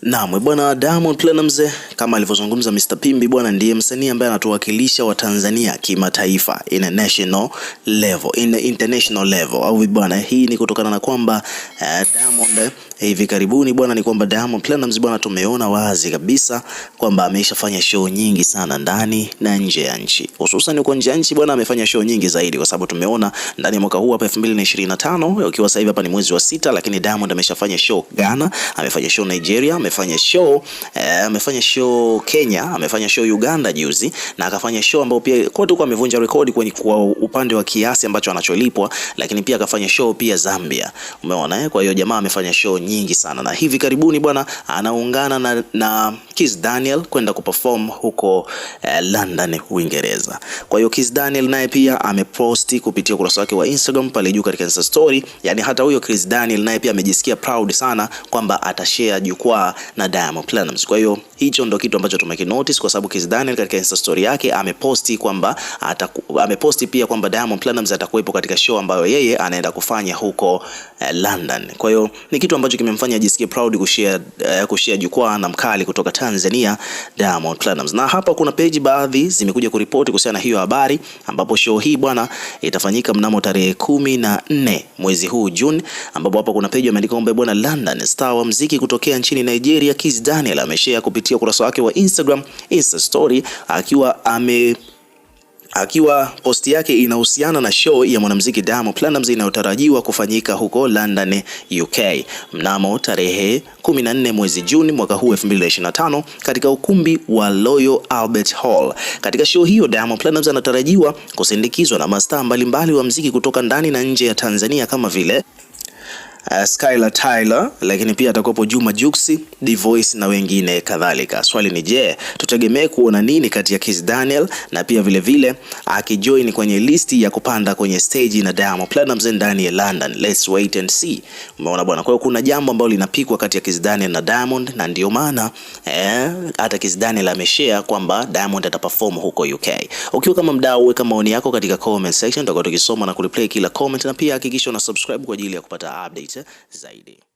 Naam, bwana Diamond Platnumz kama alivyozungumza Mr Pimbi bwana, ndiye msanii ambaye anatuwakilisha Watanzania kimataifa, in a national level, in a international level, au bwana, hii ni kutokana na kwamba uh, Diamond eh, hivi karibuni bwana, ni kwamba Diamond Platnumz bwana, tumeona wazi kabisa kwamba ameshafanya show nyingi sana ndani na nje ya nchi, hususan kwa nje ya nchi bwana, amefanya show nyingi zaidi, kwa sababu tumeona ndani ya mwaka huu hapa 2025 ukiwa sasa hivi hapa ni mwezi wa sita, lakini Diamond ameshafanya show Ghana, amefanya show Nigeria, ame amefanya show eh, amefanya show Kenya, amefanya show Uganda juzi na akafanya show ambayo pia kote kwa amevunja rekodi kwenye kwa upande wa kiasi ambacho anacholipwa, lakini pia akafanya show pia Zambia, umeona eh. Kwa hiyo jamaa amefanya show nyingi sana, na hivi karibuni bwana anaungana na, na Kiss Daniel kwenda kuperform huko eh, London Uingereza. Kwa hiyo Kiss Daniel naye pia ameposti kupitia ukurasa wake wa Instagram pale juu katika Insta story, yani hata huyo Kiss Daniel naye pia amejisikia proud sana kwamba atashare jukwaa na Diamond Platnumz. Kwa hiyo hicho ndo kitu ambacho tumeki notice kwa sababu Kiss Daniel katika Insta story yake ameposti kwamba ameposti pia kwamba Diamond Platnumz atakuwepo katika show ambayo yeye anaenda kufanya huko eh, London. Kwa hiyo ni kitu ambacho kimemfanya ajisikie proud kushare eh, kushare jukwaa na mkali kutoka Tanzania Diamond Platnumz. Na hapa kuna page baadhi zimekuja kuripoti kuhusiana na hiyo habari ambapo show hii bwana itafanyika mnamo tarehe kumi na nne mwezi huu Juni ambapo hapa kuna page imeandika kwamba bwana London star wa muziki kutokea nchini Nigeria Nigeria Kizz Daniel ameshare kupitia ukurasa wake wa Instagram Insta story akiwa ame akiwa posti yake inahusiana na show ya mwanamuziki Diamond Platnumz inayotarajiwa kufanyika huko London UK mnamo tarehe 14 mwezi Juni mwaka huu 2025 katika ukumbi wa Royal Albert Hall. Katika show hiyo, Diamond Platnumz anatarajiwa kusindikizwa na mastaa mbalimbali wa muziki kutoka ndani na nje ya Tanzania kama vile uh, Skylar Tyler, lakini pia atakuwepo Juma Jux, Voice na wengine kadhalika. Swali ni je, tutegemee kuona nini kati ya Kiss Daniel na pia vile vile akijoin kwenye listi ya kupanda kwenye stage na Diamond Platnumz ndani ya London? Let's wait and see. Umeona bwana, kwa hiyo kuna jambo ambalo linapikwa kati ya Kiss Daniel na Diamond, na ndio maana eh, hata Kiss Daniel ameshare kwamba Diamond ataperform huko UK. Ukiwa kama mdau, weka maoni yako katika comment section, tutakuwa tukisoma na kureplay kila comment, na pia hakikisha una subscribe kwa ajili ya kupata update. zaidi.